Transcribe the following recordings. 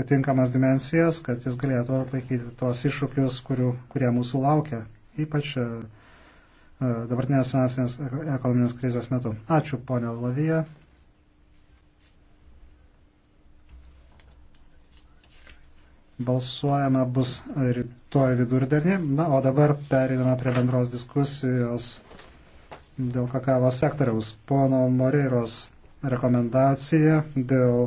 atitinkamas dimensijas, kad jis galėtų atlaikyti tuos iššūkius, kurių, kurie mūsų laukia, ypač e, e, dabartinės finansinės ekonominės krizės metu. Ačiū, ponė Lavija. Balsuojama bus rytoj vidurdienį. Na, o dabar pereiname prie bendros diskusijos dėl kakavo sektoriaus. Pono Moreiros rekomendacija dėl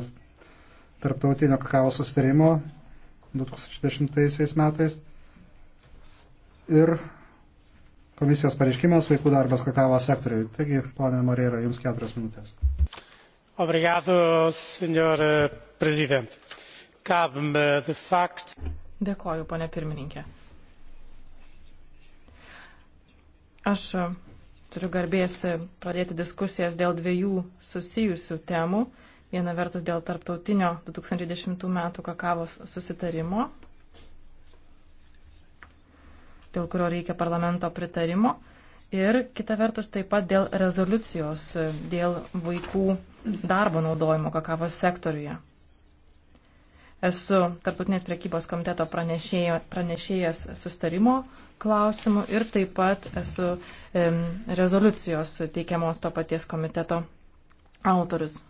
tarptautinio kakavos susitarimo 2010 metais ir komisijos pareiškimas vaikų darbas kakavo sektoriui. Taigi, ponė Morėra, jums keturios minutės. Obrigado, senor prezident. Cabme de fact. Dėkoju, ponė pirmininkė. Aš e, turiu garbės e, pradėti diskusijas dėl dviejų susijusių temų. Viena vertus dėl tarptautinio 2010 metų kakavos susitarimo, dėl kurio reikia parlamento pritarimo. Ir kita vertus taip pat dėl rezoliucijos, dėl vaikų darbo naudojimo kakavos sektoriuje. Esu Tartutinės priekybos komiteto pranešėja, pranešėjas sustarimo klausimų ir taip pat esu e, rezoliucijos teikiamos to paties komiteto autorius.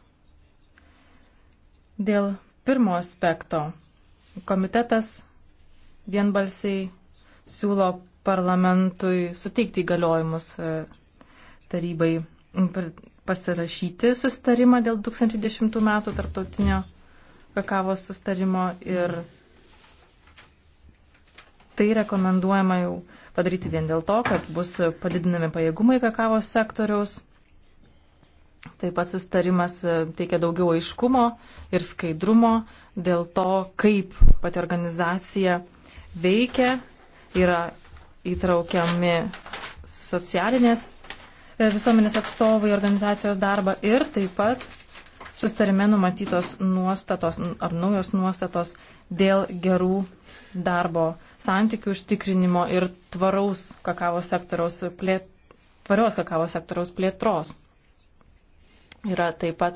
Dėl pirmo aspekto komitetas vienbalsiai siūlo parlamentui suteikti įgaliojimus e, tarybai pasirašyti sustarimą dėl 2010 metų tarptautinio kakavos sustarimo ir tai rekomenduojama jau padaryti vien dėl to, kad bus padidinami pajėgumai kakavos sektoriaus Taip pat sustarimas e, teikia daugiau aiškumo ir skaidrumo dėl to, kaip pati organizacija veikia, yra įtraukiami socialinės e, visuomenės atstovai organizacijos darbą ir taip pat sustarime numatytos nuostatos ar naujos nuostatos dėl gerų darbo santykių užtikrinimo ir tvaraus kakavos sektoriaus plėt, tvarios kakavos sektoriaus plėtros. Yra taip pat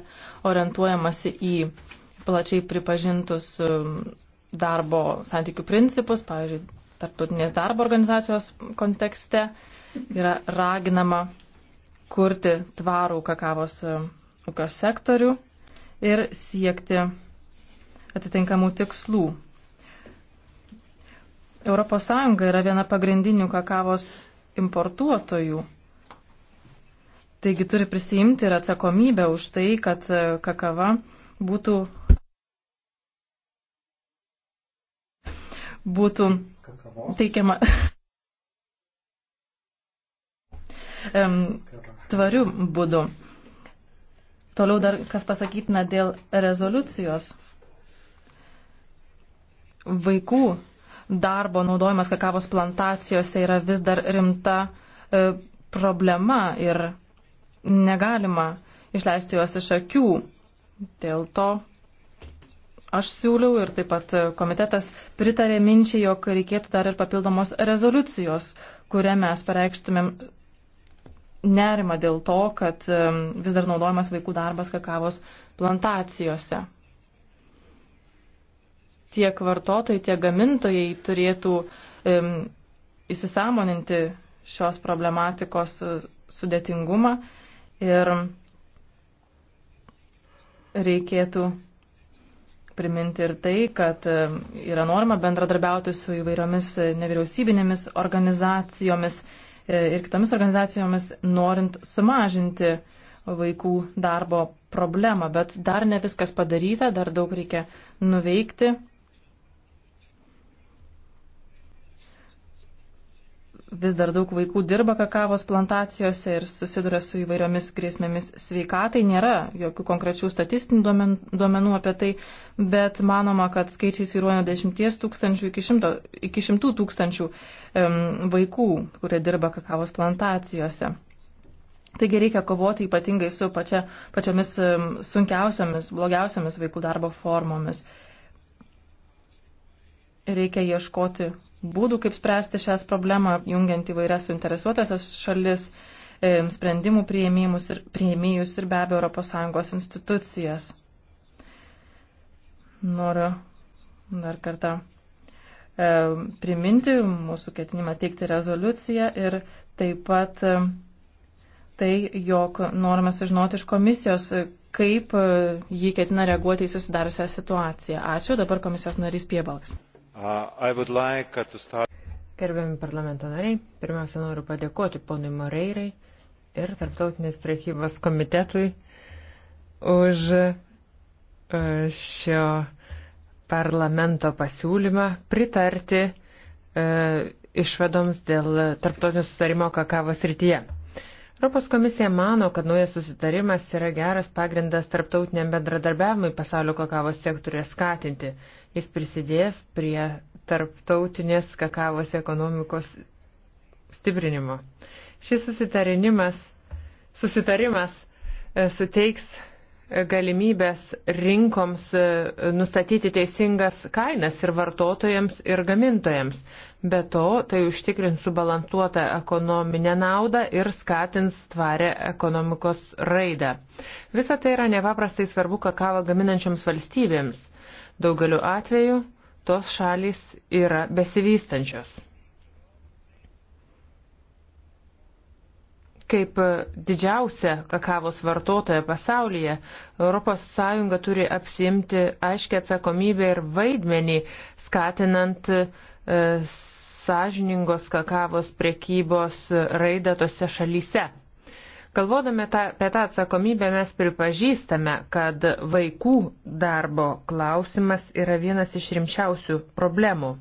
orientuojamasi į plačiai pripažintus um, darbo santykių principus, pavyzdžiui, tarptautinės darbo organizacijos kontekste yra raginama kurti tvarų kakavos um, ūkio sektorių ir siekti atitinkamų tikslų. ES yra viena pagrindinių kakavos importuotojų Taigi turi prisijimti ir atsakomybę už tai, kad e, kakava būtų, būtų Kakavos. teikiama tvariu būdu. Toliau dar kas pasakytina dėl rezoliucijos. Vaikų darbo naudojimas kakavos plantacijose yra vis dar rimta e, problema ir negalima išleisti juos iš akių. Dėl to aš siūliau ir taip pat komitetas pritarė minčiai, jog reikėtų dar ir papildomos rezoliucijos, kurią mes pareikštumėm nerimą dėl to, kad vis dar naudojamas vaikų darbas kakavos plantacijose. Tiek vartotojai, tiek gamintojai turėtų um, įsisamoninti šios problematikos e, sudėtingumą Ir reikėtų priminti ir tai, kad e, yra norma bendradarbiauti su įvairiomis e, nevyriausybinėmis organizacijomis e, ir kitomis organizacijomis, norint sumažinti vaikų darbo problemą. Bet dar ne viskas padaryta, dar daug reikia nuveikti. vis dar daug vaikų dirba kakavos plantacijose ir susiduria su įvairiomis grėsmėmis sveikatai. Nėra jokių konkrečių statistinių duomen, duomenų apie tai, bet manoma, kad skaičiai sviruoja nuo 10 tūkstančių iki, šimto, iki 100 tūkstančių um, vaikų, kurie dirba kakavos plantacijose. Taigi reikia kovoti ypatingai su pačia, pačiomis um, sunkiausiamis, blogiausiamis vaikų darbo formomis. Reikia ieškoti būdų, kaip spręsti šias problemą, jungiant įvairias suinteresuotasias šalis, sprendimų prieimėjus ir, prieimėjus ir be abejo ES institucijas. Noriu dar kartą e, priminti mūsų ketinimą teikti rezoliuciją ir taip pat e, tai, jog norime sužinoti iš komisijos, kaip e, jį ketina reaguoti į susidariusią situaciją. Ačiū, dabar komisijos narys Piebalks. Uh, like uh, to start... Gerbiami parlamento nariai, pirmiausia noriu padėkoti ponui Moreirai ir Tarptautinės priekybos komitetui už uh, šio parlamento pasiūlymą pritarti e, uh, išvedoms dėl tarptautinio susitarimo kakavos rytyje. Europos komisija mano, kad naujas susitarimas yra geras pagrindas tarptautiniam bendradarbiavimui pasaulio kakavos sektorėje skatinti. Jis prisidės prie tarptautinės kakavos ekonomikos stiprinimo. Šis susitarimas, susitarimas e, suteiks e, galimybės rinkoms e, nustatyti teisingas kainas ir vartotojams, ir gamintojams. Be to, tai užtikrins subalansuotą ekonominę naudą ir skatins tvarę ekonomikos raidą. Visą tai yra nepaprastai svarbu kakavą gaminančioms valstybėms. Daugeliu atveju tos šalys yra besivystančios. Kaip didžiausia kakavos vartotoja pasaulyje, ES turi apsimti aiškę atsakomybę ir vaidmenį, skatinant e, sąžiningos kakavos prekybos raidą tose šalyse. Galvodami ta, apie tą atsakomybę mes pripažįstame, kad vaikų darbo klausimas yra vienas iš rimčiausių problemų.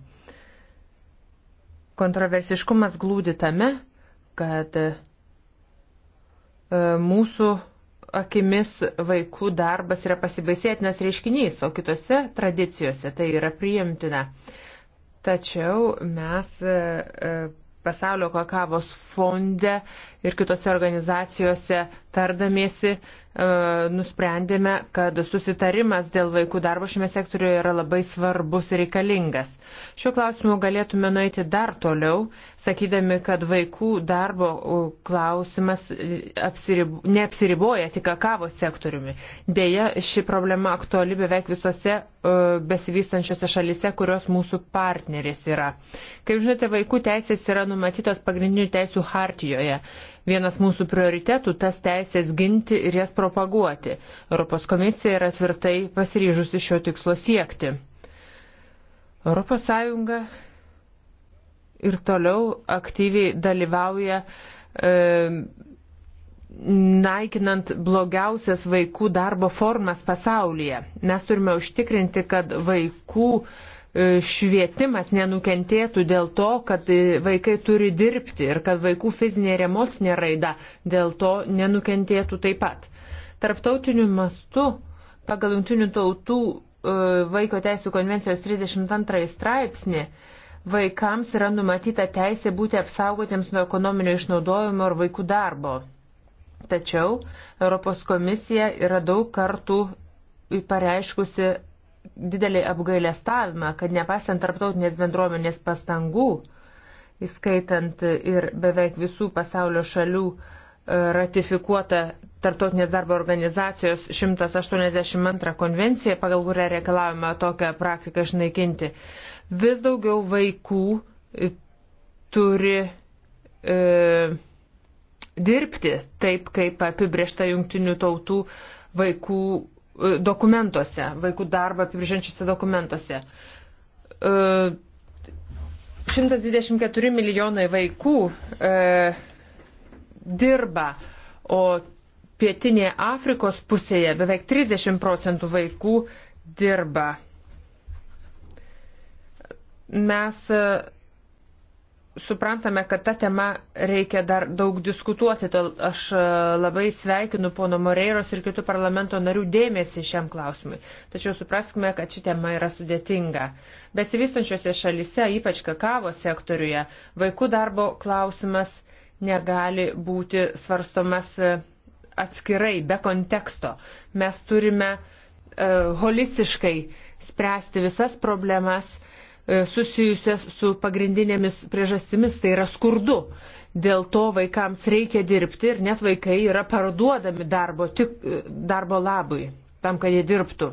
Kontroversiškumas glūdi tame, kad e, mūsų akimis vaikų darbas yra pasibaisėtinas reiškinys, o kitose tradicijose tai yra priimtina. Tačiau mes e, e, pasaulio kakavos fonde ir kitose organizacijose tardamiesi E, nusprendėme, kad susitarimas dėl vaikų darbo šiame sektoriuje yra labai svarbus ir reikalingas. Šiuo klausimu galėtume nueiti dar toliau, sakydami, kad vaikų darbo klausimas e, apsiribu, neapsiriboja tik akavo sektoriumi. Deja, ši problema aktuali beveik visose e, besivystančiose šalise, kurios mūsų partnerės yra. Kaip žinote, vaikų teisės yra numatytos pagrindinių teisų hartijoje vienas mūsų prioritetų tas teisės ginti ir jas propaguoti. Europos komisija yra tvirtai pasiryžusi šio tikslo siekti. Europos Sąjunga ir toliau aktyviai dalyvauja e, naikinant blogiausias vaikų darbo formas pasaulyje. Mes turime užtikrinti, kad vaikų e, E, švietimas nenukentėtų dėl to, kad e, vaikai turi dirbti ir kad vaikų fizinė ir emocinė raida dėl to nenukentėtų taip pat. Tarptautiniu mastu pagal Junktinių tautų e, vaiko teisų konvencijos 32 straipsnį vaikams yra numatyta teisė būti apsaugotiems nuo ekonominio išnaudojimo ir vaikų darbo. Tačiau Europos komisija yra daug kartų pareiškusi didelį apgailestavimą, kad nepasiant tarptautinės bendruomenės pastangų, įskaitant ir beveik visų pasaulio šalių e, ratifikuota Tartautinės darbo organizacijos 182 konvencija, pagal kurią reikalavimą tokią praktiką išnaikinti. Vis daugiau vaikų e, turi e, dirbti taip, kaip apibriešta jungtinių tautų vaikų E, dokumentuose, vaikų darbą apibrėžiančiuose dokumentuose. 124 e, milijonai vaikų e, dirba, o pietinėje Afrikos pusėje beveik 30 procentų vaikų dirba. Mes e, suprantame, kad tą temą reikia dar daug diskutuoti, tol aš e, labai sveikinu pono Moreiros ir kitų parlamento narių dėmesį šiam klausimui. Tačiau supraskime, kad ši tema yra sudėtinga. Besivystančiose šalise, ypač kakavo sektoriuje, vaikų darbo klausimas negali būti svarstomas e, atskirai, be konteksto. Mes turime uh, holistiškai spręsti visas problemas, uh, E, susijusias su pagrindinėmis priežastimis, tai yra skurdu. Dėl to vaikams reikia dirbti ir net vaikai yra parduodami darbo, tik, e, darbo labui, tam, kad jie dirbtų.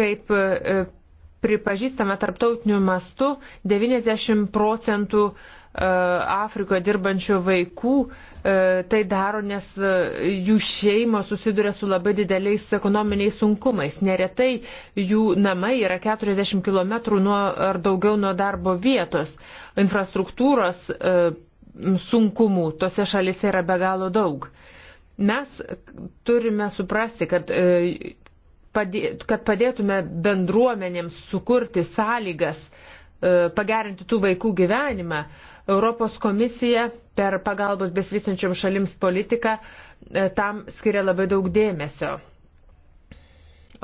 Kaip e, pripažįstame tarptautiniu mastu, 90 procentų E, Afrikoje dirbančių vaikų e, tai daro, nes e, jų šeimos susiduria su labai dideliais ekonominiais sunkumais. Neretai jų namai yra 40 km nuo, ar daugiau nuo darbo vietos. Infrastruktūros sunkumų tose šalise yra be galo daug. Mes turime suprasti, kad kad padėtume bendruomenėms sukurti sąlygas, pagerinti tų vaikų gyvenimą, Europos komisija per pagalbos besvystančiom šalims politiką e, tam skiria labai daug dėmesio.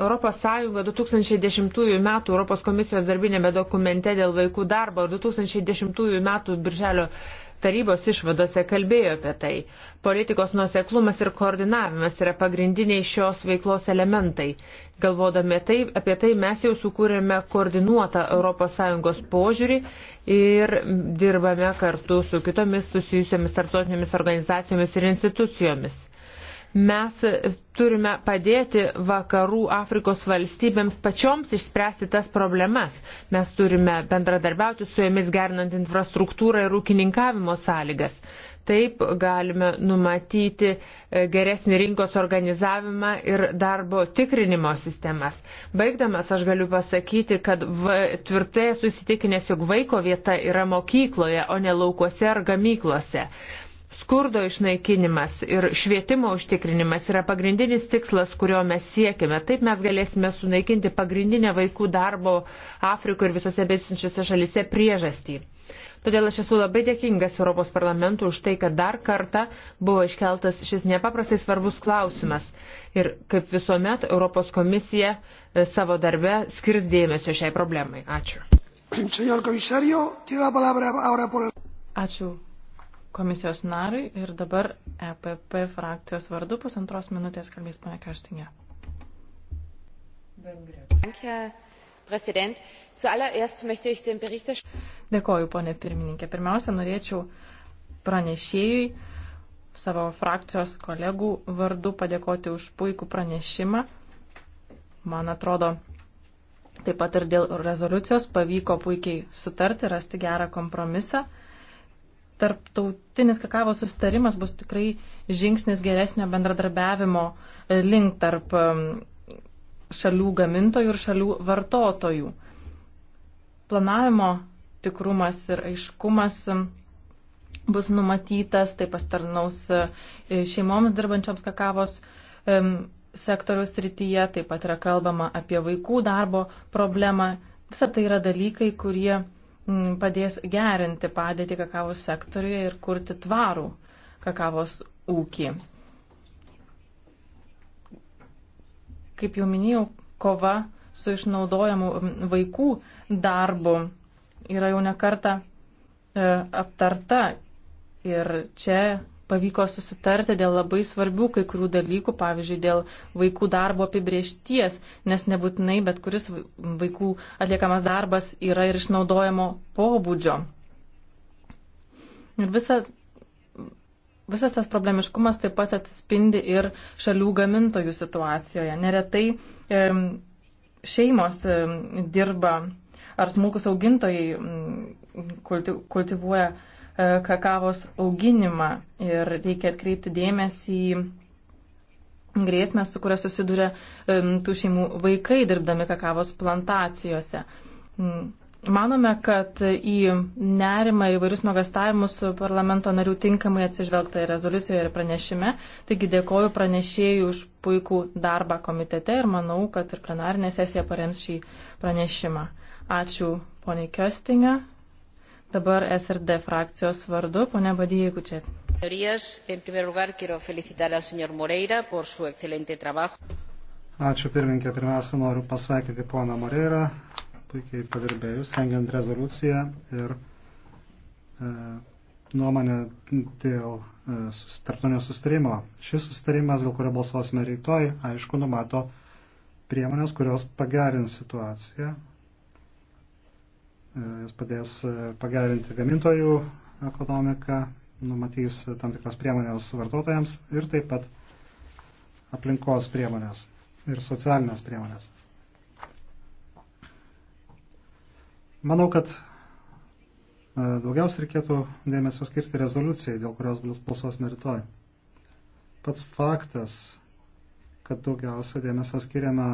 Europos Sąjunga 2010 m. Europos komisijos darbinėme dokumente dėl vaikų darbo ir 2010 m. birželio tarybos išvadose kalbėjo apie tai. Politikos nuseklumas ir koordinavimas yra pagrindiniai šios veiklos elementai. Galvodami tai, apie tai mes jau sukūrėme koordinuotą ES požiūrį ir dirbame kartu su kitomis susijusiamis tarptautinėmis organizacijomis ir institucijomis. Mes turime padėti vakarų Afrikos valstybėms pačioms išspręsti tas problemas. Mes turime bendradarbiauti su jomis gernant infrastruktūrą ir ūkininkavimo sąlygas. Taip galime numatyti e, geresnį rinkos organizavimą ir darbo tikrinimo sistemas. Baigdamas aš galiu pasakyti, kad va, tvirtai susitikinęs, jog vaiko vieta yra mokykloje, o ne laukuose ar gamyklose. Skurdo išnaikinimas ir švietimo užtikrinimas yra pagrindinis tikslas, kurio mes siekime. Taip mes galėsime sunaikinti pagrindinę vaikų darbo Afrikoje ir visose besinčiose šalise priežastį. Todėl aš esu labai dėkingas Europos parlamentui už tai, kad dar kartą buvo iškeltas šis nepaprastai svarbus klausimas. Ir kaip visuomet Europos komisija e, savo darbe skirs dėmesio šiai problemai. Ačiū. Ačiū komisijos nariui ir dabar EPP frakcijos vardu pusantros minutės kalbės ponia Karstinė. Dėkoju, ponė pirmininkė. Pirmiausia, norėčiau pranešėjui savo frakcijos kolegų vardu padėkoti už puikų pranešimą. Man atrodo, taip pat ir dėl rezoliucijos pavyko puikiai sutarti, rasti gerą kompromisą tarptautinis kakavos sustarimas bus tikrai žingsnis geresnio bendradarbiavimo e, link tarp šalių gamintojų ir šalių vartotojų. Planavimo tikrumas ir aiškumas bus numatytas, tai pastarnaus e, šeimoms dirbančioms kakavos sektoriaus rytyje, taip pat yra kalbama apie vaikų darbo problemą. Visa tai yra dalykai, kurie padės gerinti padėtį kakavos sektoriuje ir kurti tvarų kakavos ūkį. Kaip jau minėjau, kova su išnaudojamu vaikų darbu yra jau nekarta e, aptarta ir čia pavyko susitarti dėl labai svarbių kai kurių dalykų, pavyzdžiui, dėl vaikų darbo apibriešties, nes nebūtinai bet kuris vaikų atliekamas darbas yra ir išnaudojimo pobūdžio. Ir visa, visas tas problemiškumas taip pat atspindi ir šalių gamintojų situacijoje. Neretai e, šeimos e, dirba ar smulkus augintojai kulti, kultivuoja E, kakavos auginimą ir reikia atkreipti dėmesį į grėsmę, su kuria susiduria e, tų šeimų vaikai dirbdami kakavos plantacijose. Mm. Manome, kad į nerimą ir įvairius nuogastavimus parlamento narių tinkamai atsižvelgta ir rezoliucijoje, ir pranešime. Taigi dėkoju pranešėjų už puikų darbą komitete ir manau, kad ir plenarinė sesija parems šį pranešimą. Ačiū poniai Köstinga, Dabar SRD frakcijos vardu, ponia Badijai Kučet. Señorías, en primer lugar quiero felicitar al señor Moreira por su excelente trabajo. Ačiū pirmininkė, pirmiausia noriu pasveikinti poną Moreirą, puikiai padirbėjus, rengiant rezoliuciją ir e, nuomonę dėl e, tarptautinio sustarimo. Šis sustarimas, dėl kurio balsuosime rytoj, aišku, numato priemonės, kurios pagerins situaciją E, jis padės e, pagerinti gamintojų ekonomiką, numatys tam tikras priemonės vartotojams ir taip pat aplinkos priemonės ir socialinės priemonės. Manau, kad e, daugiausia reikėtų dėmesio skirti rezoliucijai, dėl kurios balsuosime rytoj. Pats faktas, kad daugiausia dėmesio skiriama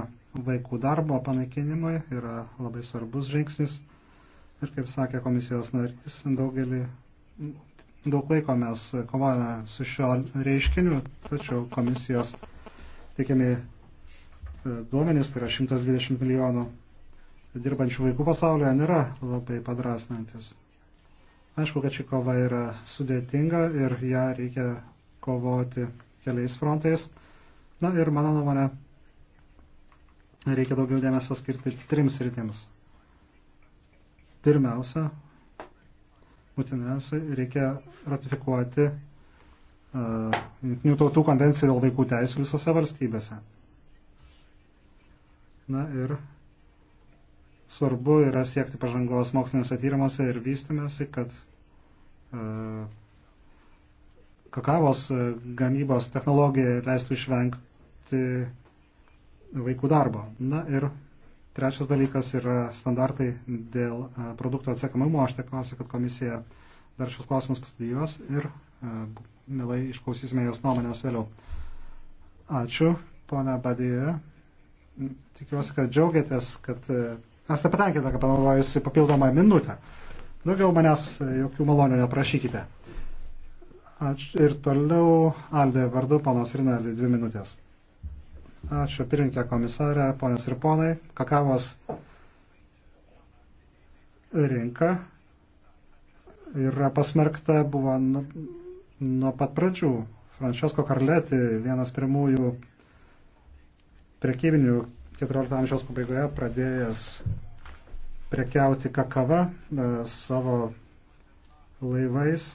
vaikų darbo panaikinimui, yra labai svarbus žingsnis Ir kaip sakė komisijos narys, daugelį, daug laiko mes kovojame su šiuo reiškiniu, tačiau komisijos teikiami e, duomenys, tai yra 120 milijonų dirbančių vaikų pasaulyje, nėra labai padrasnantis. Aišku, kad ši kova yra sudėtinga ir ją reikia kovoti keliais frontais. Na ir mano nuomonė, reikia daugiau dėmesio skirti trims rytims. Pirmiausia, būtiniausia, reikia ratifikuoti e, Junktinių uh, tautų konvenciją dėl vaikų teisų visose valstybėse. Na ir svarbu yra siekti pažangos moksliniuose tyrimuose ir vystymėsi, kad uh, kakavos e, gamybos technologija leistų išvengti vaikų darbo. Na ir Trečias dalykas yra standartai dėl e, produktų atsakamumo. Aš tikiuosi, kad komisija dar šios klausimus pastudijuos ir e, mielai išklausysime jos nuomonės vėliau. Ačiū, ponia Badėja. Tikiuosi, kad džiaugiatės, kad e, esate patenkinta, kad panaudojusi papildomą minutę. Daugiau manęs jokių malonių neprašykite. Ačiū ir toliau Aldė vardu, panas Rinaldi, dvi minutės. Ačiū pirmininkė komisarė, ponios ir ponai. Kakavos rinka yra pasmerkta, buvo nuo, nuo pat pradžių. Francesco Carleti, vienas pirmųjų prekybinių 14 amžiaus pabaigoje pradėjęs prekiauti kakava e, savo laivais.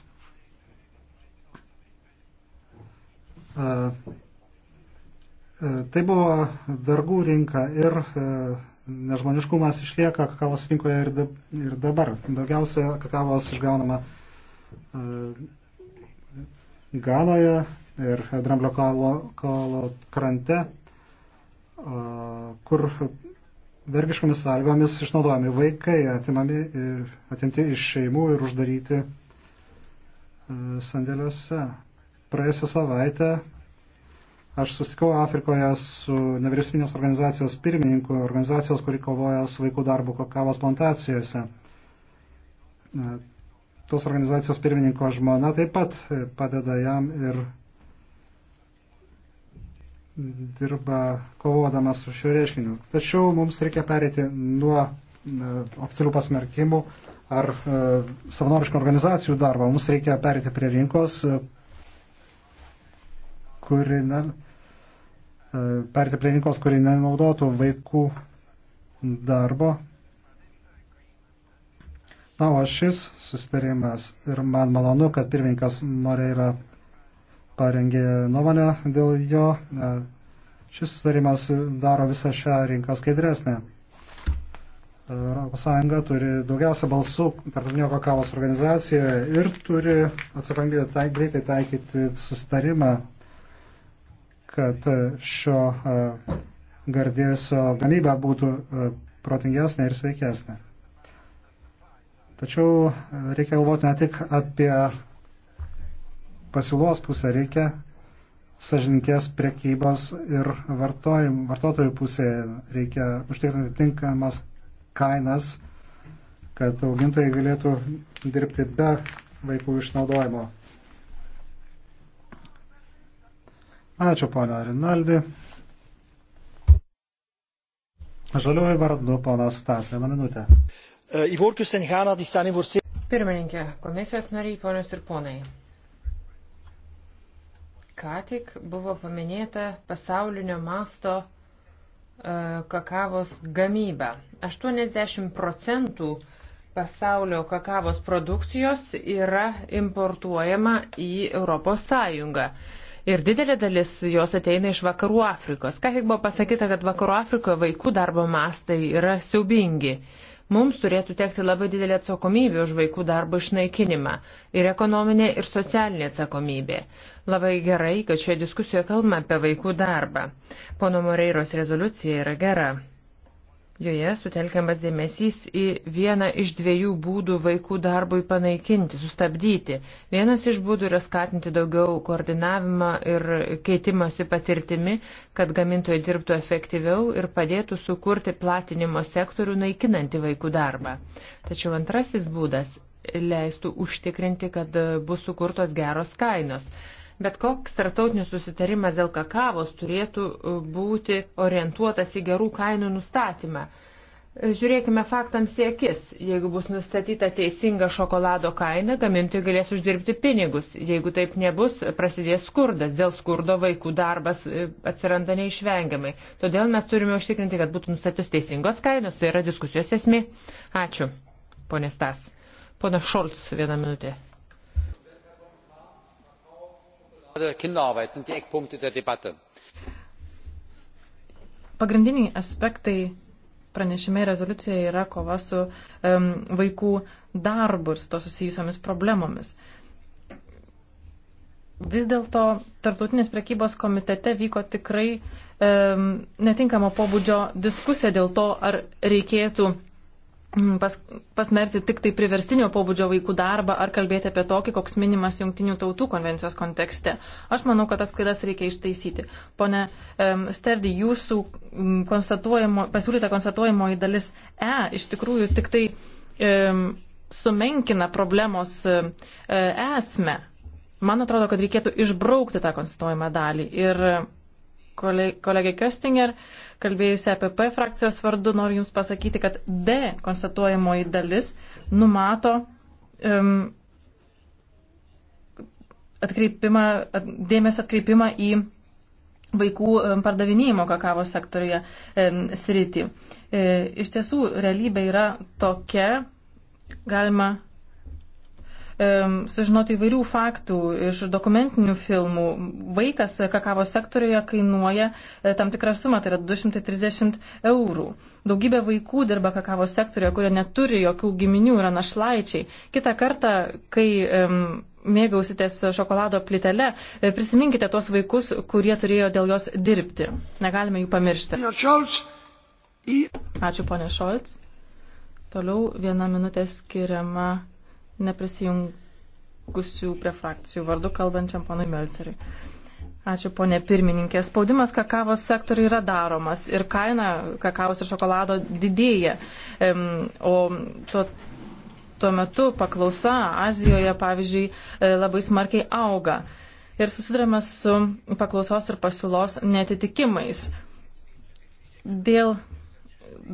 E, E, tai buvo vergų rinka ir e, nežmoniškumas išlieka kakavos rinkoje ir, da, ir dabar. Daugiausia kakavos išgaunama e, Ganoje ir Dramblio kalo, kalo krante, kur vergiškomis sąlygomis išnaudojami vaikai, atimami ir atimti iš šeimų ir uždaryti sandėliuose. Praėjusią savaitę Aš susitikau Afrikoje su nevyriausybinės organizacijos pirmininku, organizacijos, kuri kovoja su vaikų darbu kavos plantacijose. Tos organizacijos pirmininko žmona taip pat padeda jam ir dirba kovodamas su šiuo reiškiniu. Tačiau mums reikia perėti nuo oficialių pasmerkimų ar e, savanoriškų organizacijų darbo. Mums reikia perėti prie rinkos, kuri ne, perti prie rinkos, kuri nenaudotų vaikų darbo. Na, o šis susitarimas ir man malonu, kad pirmininkas Moreira parengė nuomonę dėl jo. E, šis susitarimas daro visą šią rinką skaidresnę. ES turi daugiausia balsų tarptautinio kakavos organizacijoje ir turi atsakomybę tai, greitai taikyti susitarimą kad e, šio e, gardėsio gamyba būtų e, protingesnė ir sveikesnė. Tačiau reikia galvoti ne tik apie pasiūlos pusę, reikia sažinties prekybos ir vartotojų pusėje reikia užtikrinti tinkamas kainas, kad augintojai galėtų dirbti be vaikų išnaudojimo. Ačiū, ponia Rinaldi. Žaliuoju vardu, ponas Stas, vieną minutę. E, Pirmininkė, komisijos nariai, ponios ir ponai. Ką tik buvo paminėta pasaulinio masto e, kakavos gamyba. 80 procentų pasaulio kakavos produkcijos yra importuojama į Europos Sąjungą ir didelė dalis jos ateina iš Vakarų Afrikos. Ką tik buvo pasakyta, kad Vakarų Afrikoje vaikų darbo mastai yra siaubingi. Mums turėtų tekti labai didelė atsakomybė už vaikų darbo išnaikinimą ir ekonominė ir socialinė atsakomybė. Labai gerai, kad šioje diskusijoje kalbame apie vaikų darbą. Pono Moreiros rezoliucija yra gera. Joje sutelkiamas dėmesys į vieną iš dviejų būdų vaikų darbui panaikinti, sustabdyti. Vienas iš būdų yra skatinti daugiau koordinavimą ir keitimosi patirtimi, kad gamintojai dirbtų efektyviau ir padėtų sukurti platinimo sektorių naikinantį vaikų darbą. Tačiau antrasis būdas leistų užtikrinti, kad bus sukurtos geros kainos. Bet koks tartautinis susitarimas dėl kakavos turėtų e, būti orientuotas į gerų kainų nustatymą. E, žiūrėkime faktams į akis. Jeigu bus nustatyta teisinga šokolado kaina, gamintojai galės uždirbti pinigus. Jeigu taip nebus, prasidės skurdas. Dėl skurdo vaikų darbas e, atsiranda neišvengiamai. Todėl mes turime užtikrinti, kad būtų nustatytos teisingos kainos. Tai yra diskusijos esmė. Ačiū, ponė Stas. Pona Šolts, vieną minutę. Kinderarbeit sind die Eckpunkte der Debatte. Pagrindiniai aspektai pranešime ir rezoliucijoje yra kova su um, vaikų darbu ir su to susijusiomis problemomis. Vis dėlto Tartutinės prekybos komitete vyko tikrai um, netinkamo pobūdžio diskusija dėl to, ar reikėtų Mm, pas, pasmerti tik tai priverstinio pobūdžio vaikų darbą ar kalbėti apie tokį, koks minimas Junktinių tautų konvencijos kontekste. Aš manau, kad tas klaidas reikia ištaisyti. Pone um, Sterdi, jūsų mm, konstatuojamo, pasiūlyta konstatuojamoji dalis E iš tikrųjų tik tai um, sumenkina problemos uh, esmę. Man atrodo, kad reikėtų išbraukti tą konstatuojamą dalį. Ir, uh, kolegė Köstinger, kalbėjusi apie P frakcijos vardu, noriu Jums pasakyti, kad D konstatuojamoji dalis numato um, atkreipimą, at, dėmesio atkreipimą į vaikų pardavinėjimo kakavos sektoriuje e, sritį. E, iš tiesų, realybė yra tokia, galima sužinoti įvairių faktų iš dokumentinių filmų. Vaikas kakavos sektoriuje kainuoja e, tam tikrą sumą, tai yra 230 eurų. Daugybė vaikų dirba kakavos sektoriuje, kurie neturi jokių giminių, yra našlaičiai. Kita karta, kai um, mėgausitės šokolado plitele, e, prisiminkite tuos vaikus, kurie turėjo dėl jos dirbti. Negalime jų pamiršti. Ačiū, ponė Šolts. Toliau viena minutė skiriama neprisijungusių prie frakcijų vardu kalbančiam ponui Melceriui. Ačiū, ponė pirmininkė. Spaudimas kakavos sektoriui yra daromas ir kaina kakavos ir šokolado didėja. O tuo, tuo metu paklausa Azijoje, pavyzdžiui, e, labai smarkiai auga. Ir susidurime su paklausos ir pasiūlos netitikimais. Dėl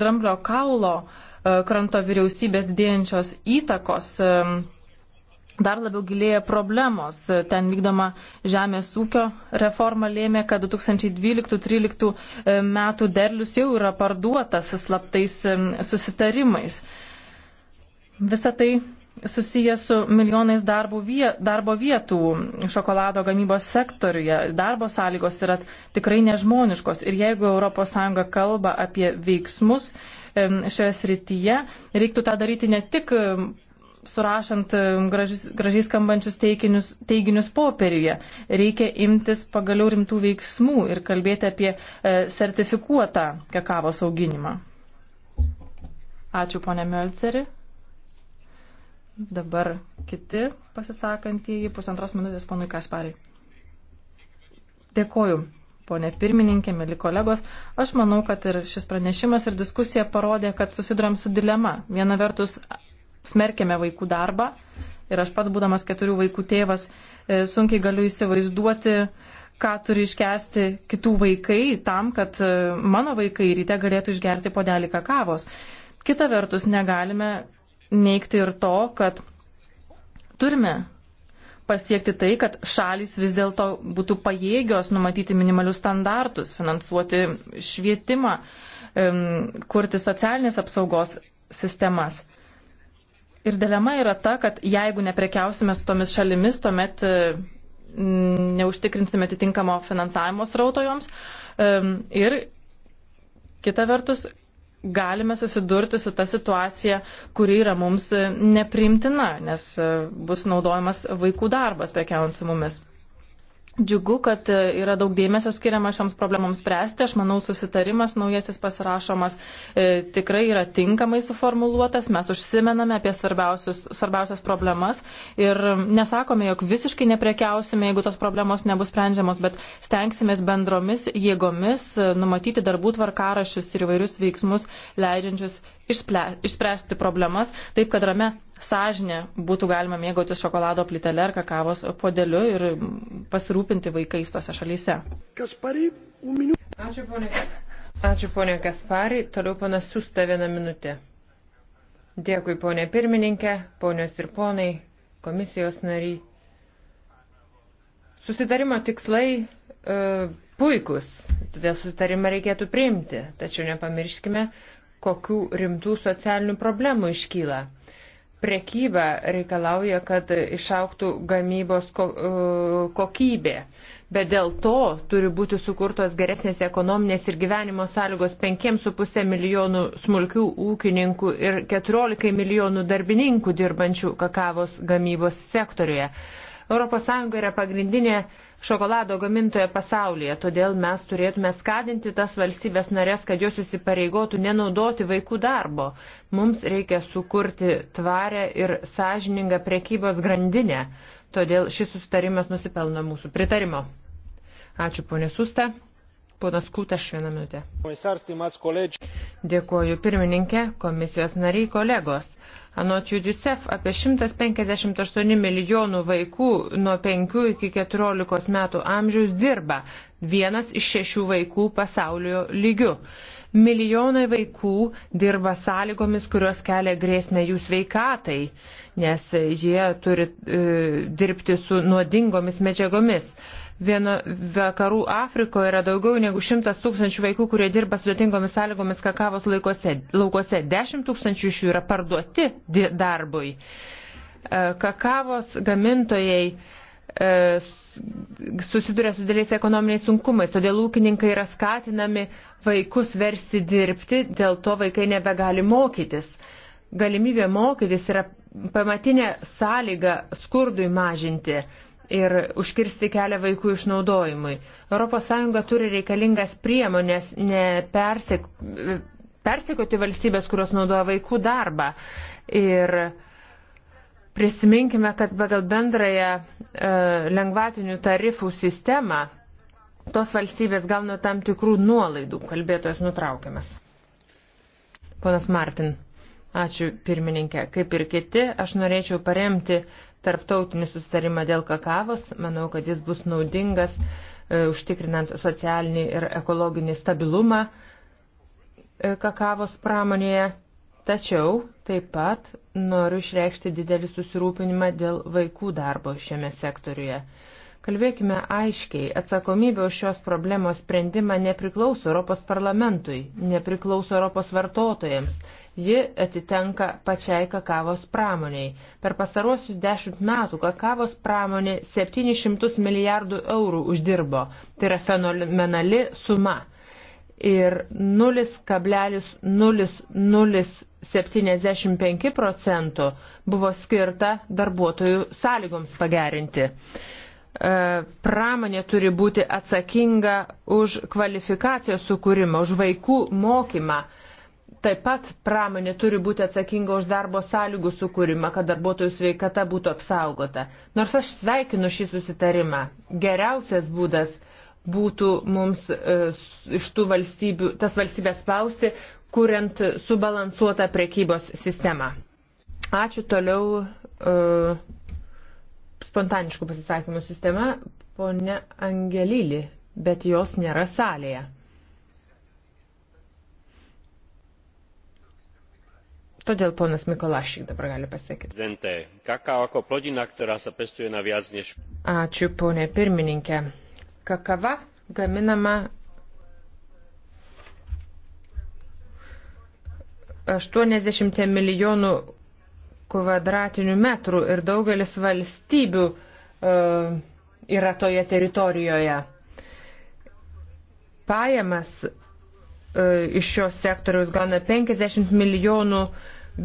dramblio kaulo uh, E, kranto vyriausybės didėjančios įtakos e, dar labiau gilėja problemos. Ten vykdoma žemės ūkio reforma lėmė, kad 2012-2013 e, metų derlius jau yra parduotas slaptais susitarimais. Visa tai susiję su milijonais viet, darbo vietų šokolado gamybos sektoriuje. Darbo sąlygos yra tikrai nežmoniškos. Ir jeigu ES kalba apie veiksmus, šioje srityje. Reiktų tą daryti ne tik surašant gražius, gražiai skambančius teiginius, teiginius popieriuje. Reikia imtis pagaliau rimtų veiksmų ir kalbėti apie e, sertifikuotą kakavos auginimą. Ačiū, ponė Mölceri. Dabar kiti pasisakantieji pusantros minutės ponui Kaspariai. Dėkoju, ponė pirmininkė, mėly kolegos, aš manau, kad ir šis pranešimas ir diskusija parodė, kad susidurėm su dilema. Viena vertus smerkėme vaikų darbą ir aš pats, būdamas keturių vaikų tėvas, e, sunkiai galiu įsivaizduoti, ką turi iškesti kitų vaikai tam, kad e, mano vaikai ryte galėtų išgerti podelį kakavos. Kita vertus, negalime neikti ir to, kad turime pasiekti tai, kad šalis vis dėlto būtų pajėgios numatyti minimalius standartus, finansuoti švietimą, kurti socialinės apsaugos sistemas. Ir dilema yra ta, kad jeigu neprekiausime su tomis šalimis, tuomet e, neužtikrinsime atitinkamo finansavimo srautojoms. Ir kita vertus, galime susidurti su ta situacija, kuri yra mums e, neprimtina, nes e, bus naudojamas vaikų darbas prekiaujant su mumis. Džiugu, kad e, yra daug dėmesio skiriama šioms problemoms spręsti. Aš manau, susitarimas naujasis pasirašomas e, tikrai yra tinkamai suformuluotas. Mes užsimename apie svarbiausias problemas ir nesakome, jog visiškai neprekiausime, jeigu tos problemos nebus sprendžiamos, bet stengsimės bendromis jėgomis e, numatyti darbų tvarkarašius ir įvairius veiksmus, leidžiančius išsple, išspręsti problemas taip, kad rame sąžinė būtų galima mėgautis šokolado plytele ar kakavos podeliu ir pasirūpinti vaikais tose šalyse. Kaspari, minu... Ačiū, ponė. Ačiū, ponė Kaspari. Toliau panas Susta vieną minutę. Dėkui, ponė pirmininkė, ponios ir ponai, komisijos nariai. Susitarimo tikslai e, puikus, todėl susitarimą reikėtų priimti, tačiau nepamirškime, kokių rimtų socialinių problemų iškyla. Prekyba reikalauja, kad išauktų gamybos e, kokybė, bet dėl to turi būti sukurtos geresnės ekonominės ir gyvenimo sąlygos 5,5 milijonų smulkių ūkininkų ir 14 milijonų darbininkų dirbančių kakavos gamybos sektoriuje. ES yra pagrindinė šokolado gamintoje pasaulyje, todėl mes turėtume skatinti tas valstybės narės, kad jos įsipareigotų nenaudoti vaikų darbo. Mums reikia sukurti tvarę ir sąžiningą prekybos grandinę, todėl šis sustarimas nusipelno mūsų pritarimo. Ačiū, ponė Susta. Ponas Kūtaš vieną minutę. Dėkuoju pirmininkė, komisijos nariai, kolegos. Anot UNICEF apie 158 milijonų vaikų nuo 5 iki 14 metų amžiaus dirba, vienas iš šešių vaikų pasaulio lygių. Milijonai vaikų dirba sąlygomis, kurios kelia grėsmę jų sveikatai, nes jie turi e, dirbti su nuodingomis medžiagomis. E, Vieno vakarų Afrikoje yra daugiau negu šimtas tūkstančių vaikų, kurie dirba sudėtingomis sąlygomis kakavos laikose, laukuose. Dešimt tūkstančių iš jų yra parduoti darbui. E, kakavos gamintojai e, susiduria su dėliais ekonominiais sunkumais, todėl ūkininkai yra skatinami vaikus versi dirbti, dėl to vaikai nebegali mokytis. Galimybė mokytis yra pamatinė sąlyga skurdui mažinti ir užkirsti kelią vaikų išnaudojimui. ES turi reikalingas priemonės nepersik, persikoti valstybės, kurios naudoja vaikų darbą. Ir prisiminkime, kad pagal bendrąją e, lengvatinių tarifų sistemą tos valstybės gauna tam tikrų nuolaidų, kalbėtojas nutraukiamas. Ponas Martin. Ačiū pirmininkė. Kaip ir kiti, aš norėčiau paremti tarptautinį sustarimą dėl kakavos. Manau, kad jis bus naudingas e, užtikrinant socialinį ir ekologinį stabilumą e, kakavos pramonėje. Tačiau taip pat noriu išreikšti didelį susirūpinimą dėl vaikų darbo šiame sektoriuje. Kalbėkime aiškiai, atsakomybė už šios problemos sprendimą nepriklauso Europos parlamentui, nepriklauso Europos vartotojams, ji atitenka pačiai kakavos pramoniai. Per pastaruosius dešimt metų kakavos pramonė 700 milijardų eurų uždirbo. Tai yra fenomenali suma. Ir 0,0075 procentų buvo skirta darbuotojų sąlygoms pagerinti. E, pramonė turi būti atsakinga už kvalifikacijos sukūrimą, už vaikų mokymą. Taip pat pramonė turi būti atsakinga už darbo sąlygų sukūrimą, kad darbuotojų sveikata būtų apsaugota. Nors aš sveikinu šį susitarimą, geriausias būdas būtų mums e, iš tų valstybių, tas valstybės spausti, kuriant subalansuotą prekybos sistemą. Ačiū toliau. E, spontaniškų pasisakymų sistema, ponia Angelili, bet jos nėra salėje. Todėl ponas Mikolašik dabar gali pasakyti. Ačiū, ponė pirmininkė. Kakava gaminama 80 milijonų kvadratinių metrų ir daugelis valstybių e, yra toje teritorijoje. Pajamas e, iš šios sektoriaus gauna 50 milijonų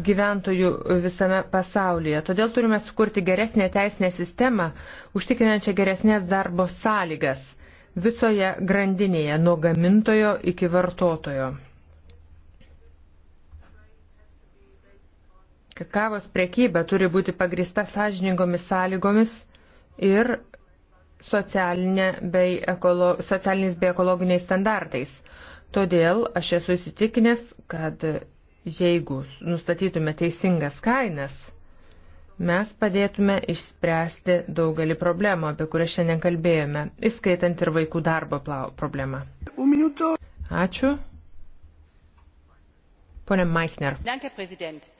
gyventojų visame pasaulyje. Todėl turime sukurti geresnę teisinę sistemą, užtikrinančią geresnės darbo sąlygas visoje grandinėje, nuo gamintojo iki vartotojo. kad kavos priekyba turi būti pagrista sąžiningomis sąlygomis ir socialinė bei ekolo, socialiniais bei ekologiniais standartais. Todėl aš esu įsitikinęs, kad jeigu nustatytume teisingas kainas, mes padėtume išspręsti daugelį problemų, apie kurias šiandien kalbėjome, įskaitant ir vaikų darbo problemą. Ačiū. Pone Meisner. Danke, prezident.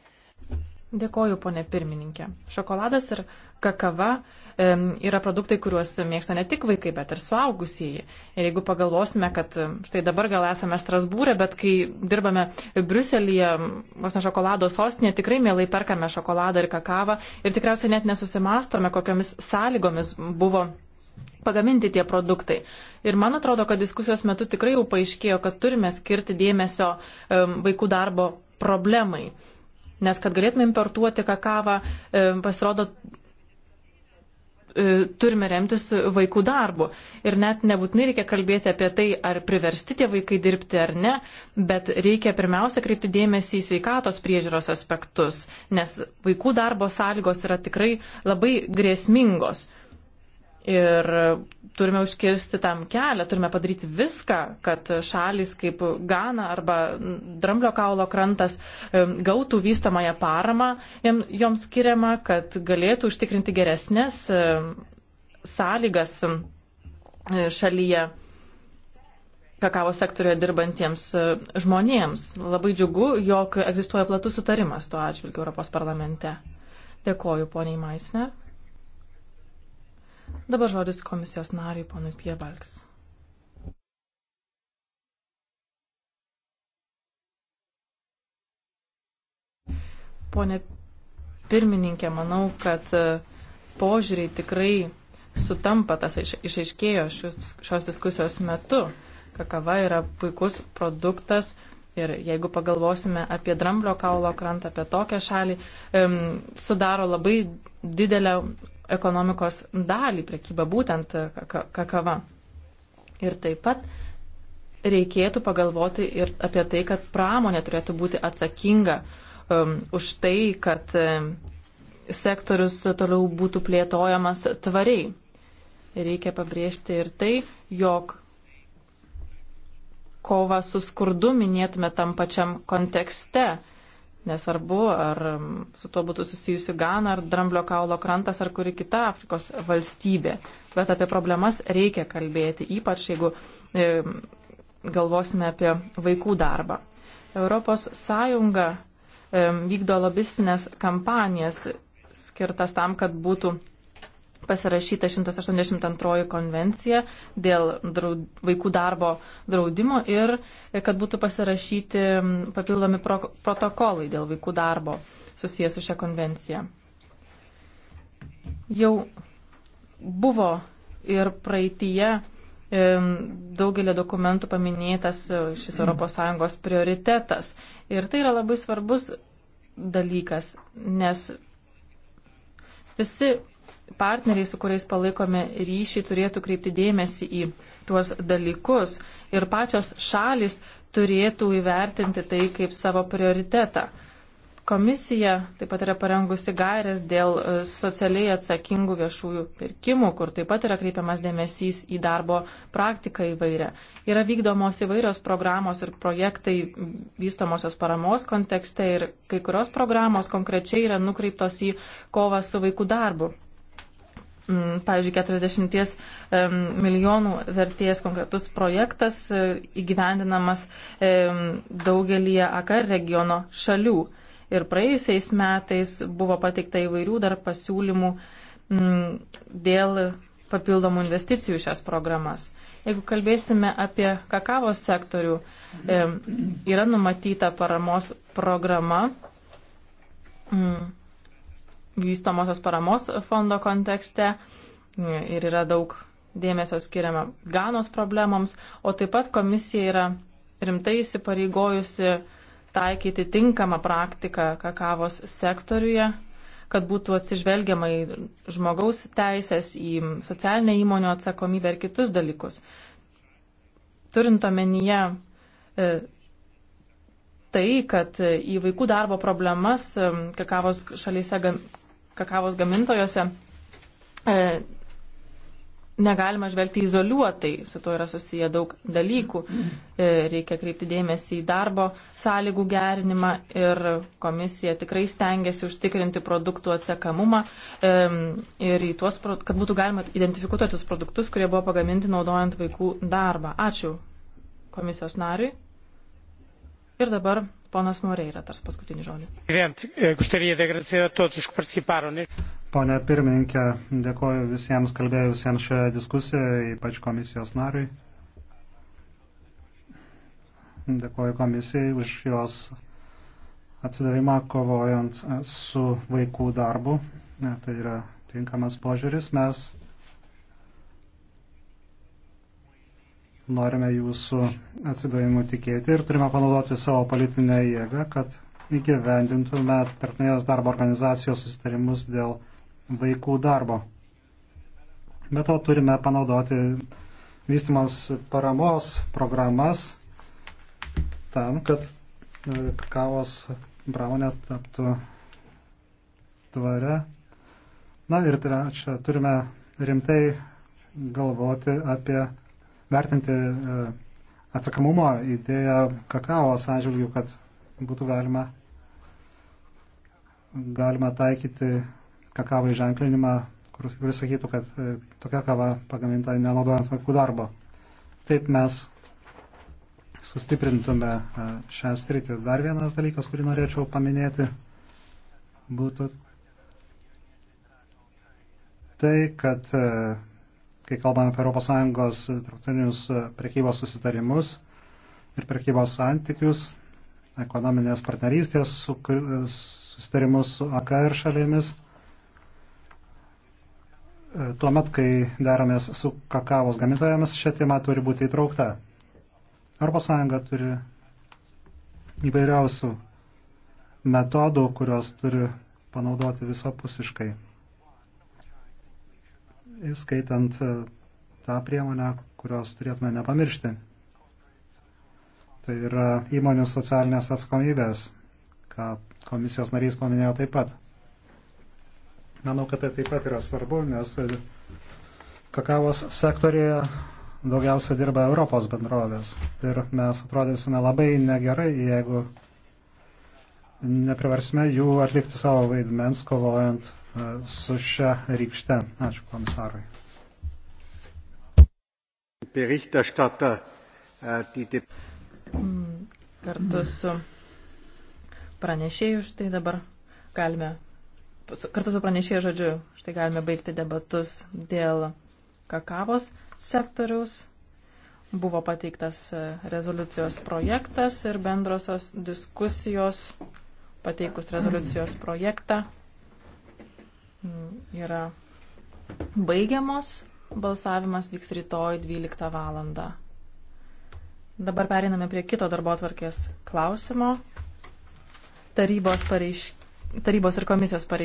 Dėkoju, ponė pirmininkė. Šokoladas ir kakava e, yra produktai, kuriuos mėgsta ne tik vaikai, bet ir suaugusieji. Ir jeigu pagalvosime, kad štai dabar gal esame Strasbūrė, bet kai dirbame Bruselėje, vos ne šokolado sostinėje, tikrai mielai perkame šokoladą ir kakavą ir tikriausiai net nesusimastome, kokiamis sąlygomis buvo pagaminti tie produktai. Ir man atrodo, kad diskusijos metu tikrai jau paaiškėjo, kad turime skirti dėmesio um, vaikų darbo problemai. Nes kad galėtume importuoti kakavą, e, pasirodo, e, turime remtis vaikų darbu. Ir net nebūtinai reikia kalbėti apie tai, ar priversti tie vaikai dirbti ar ne, bet reikia pirmiausia kreipti dėmesį į sveikatos priežiūros aspektus, nes vaikų darbo sąlygos yra tikrai labai grėsmingos. Ir turime užkirsti tam kelią, turime padaryti viską, kad šalis kaip Gana arba Dramblio kaulo krantas gautų vystomąją paramą joms skiriamą, kad galėtų užtikrinti geresnės sąlygas šalyje kakavo sektorioje dirbantiems e, žmonėms. Labai džiugu, jog egzistuoja platus sutarimas tuo atžvilgiu Europos parlamente. Dėkoju, poniai Maisner. Dabar žodis komisijos nariai, ponui Piebalks. Pone pirmininkė, manau, kad e, požiūriai tikrai sutampa tas išaiškėjo šios diskusijos metu. Kakava yra puikus produktas ir jeigu pagalvosime apie dramblio kaulo krantą, apie tokią šalį, um, sudaro labai didelę ekonomikos dalį prekybą, būtent kakava. Ir taip pat reikėtų pagalvoti ir apie tai, kad pramonė turėtų būti atsakinga um, už tai, kad um, sektorius toliau būtų plėtojamas tvariai. Reikia pabrėžti ir tai, jog kova su skurdu minėtume tam pačiam kontekste Nesvarbu, ar su tuo būtų susijusi Gana, ar Dramblio kaulo krantas, ar kuri kita Afrikos valstybė. Bet apie problemas reikia kalbėti, ypač jeigu e, galvosime apie vaikų darbą. Europos Sąjunga e, vykdo lobistinės kampanijas skirtas tam, kad būtų pasirašyta 182 konvencija dėl draud, vaikų darbo draudimo ir kad būtų pasirašyti papildomi pro, protokolai dėl vaikų darbo susijęs su šia konvencija. Jau buvo ir praeitie daugelį dokumentų paminėtas e, šis ES prioritetas. Ir tai yra labai svarbus dalykas, nes visi partneriai, su kuriais palaikome ryšį, turėtų kreipti dėmesį į tuos dalykus ir pačios šalis turėtų įvertinti tai kaip savo prioritetą. Komisija taip pat yra parengusi gairės dėl e, socialiai atsakingų viešųjų pirkimų, kur taip pat yra kreipiamas dėmesys į darbo praktiką įvairią. Yra vykdomos įvairios programos ir projektai vystomosios paramos kontekste ir kai kurios programos konkrečiai yra nukreiptos į kovą su vaikų darbu. Mm, pavyzdžiui, 40 milijonų vertės konkretus projektas e, įgyvendinamas daugelį AKR regiono šalių. Ir praėjusiais metais buvo pateikta įvairių dar pasiūlymų mm, dėl papildomų investicijų šias programas. Jeigu kalbėsime apie kakavos sektorių, yra numatyta paramos programa mm, vystomosios paramos fondo kontekste ir yra daug dėmesio skiriama Ganos problemoms, o taip pat komisija yra rimtai įsipareigojusi taikyti tinkamą praktiką kakavos sektoriuje, kad būtų atsižvelgiama į žmogaus teisės, į socialinę įmonių atsakomybę ir kitus dalykus. Turint omenyje e, tai, kad į vaikų darbo problemas e, kakavos šalyse kakavos gamintojose e, negalima žvelgti izoliuotai, su to yra susiję daug dalykų. E, reikia kreipti dėmesį į darbo sąlygų gerinimą ir komisija tikrai stengiasi užtikrinti produktų atsekamumą e, ir tuos, kad būtų galima identifikuoti tuos produktus, kurie buvo pagaminti naudojant vaikų darbą. Ačiū komisijos nariui. Ir dabar Ponas Moreira tars paskutinį žodį. Eh, Pone pirmininkė, dėkoju visiems kalbėjusiems šioje diskusijoje, ypač komisijos nariui. Dėkoju komisijai už jos atsidavimą kovojant su vaikų darbu. Tai yra tinkamas požiūris. Mes norime jūsų atsidavimų tikėti ir turime panaudoti savo politinę jėgą, kad įgyvendintume tarptautinės darbo organizacijos susitarimus dėl vaikų darbo. Be to turime panaudoti vystimos paramos programas tam, kad e, kavos braunė taptų tvare. Na ir trečia, turime rimtai galvoti apie vertinti e, atsakomumo idėją kakavos atžvilgių, kad būtų galima, galima taikyti kakavai ženklinimą, kuris, kuris sakytų, kad e, tokia kava pagaminta nenaudojant vaikų darbo. Taip mes sustiprintume e, šią sritį. Dar vienas dalykas, kurį norėčiau paminėti, būtų tai, kad kai kalbame apie ES traktinius prekybos susitarimus ir prekybos santykius, ekonominės partnerystės su, susitarimus su AKR šalėmis. Tuomet, kai deramės su kakavos gamintojams, šią temą turi būti įtraukta. ES turi įvairiausių metodų, kurios turi panaudoti visapusiškai skaitant e, tą priemonę, kurios turėtume nepamiršti. Tai yra įmonių socialinės atsakomybės, ką komisijos narys paminėjo taip pat. Manau, kad tai taip pat yra svarbu, nes kakavos sektorėje daugiausia dirba Europos bendrovės. Ir mes atrodysime labai negerai, jeigu nepriversime jų atlikti savo vaidmens, kovojant su šia rykšte. Ačiū komisarui. Äh, mm, kartu su pranešėjų štai dabar galime, kartu su pranešėjų žodžiu, štai galime baigti debatus dėl kakavos sektoriaus. Buvo pateiktas e, rezoliucijos projektas ir bendrosios diskusijos pateikus rezoliucijos projektą. Mm, yra baigiamos. Balsavimas vyks rytoj 12 val. Dabar periname prie kito darbo atvarkės klausimo. Tarybos, pareiš... Tarybos ir komisijos pareiškimas.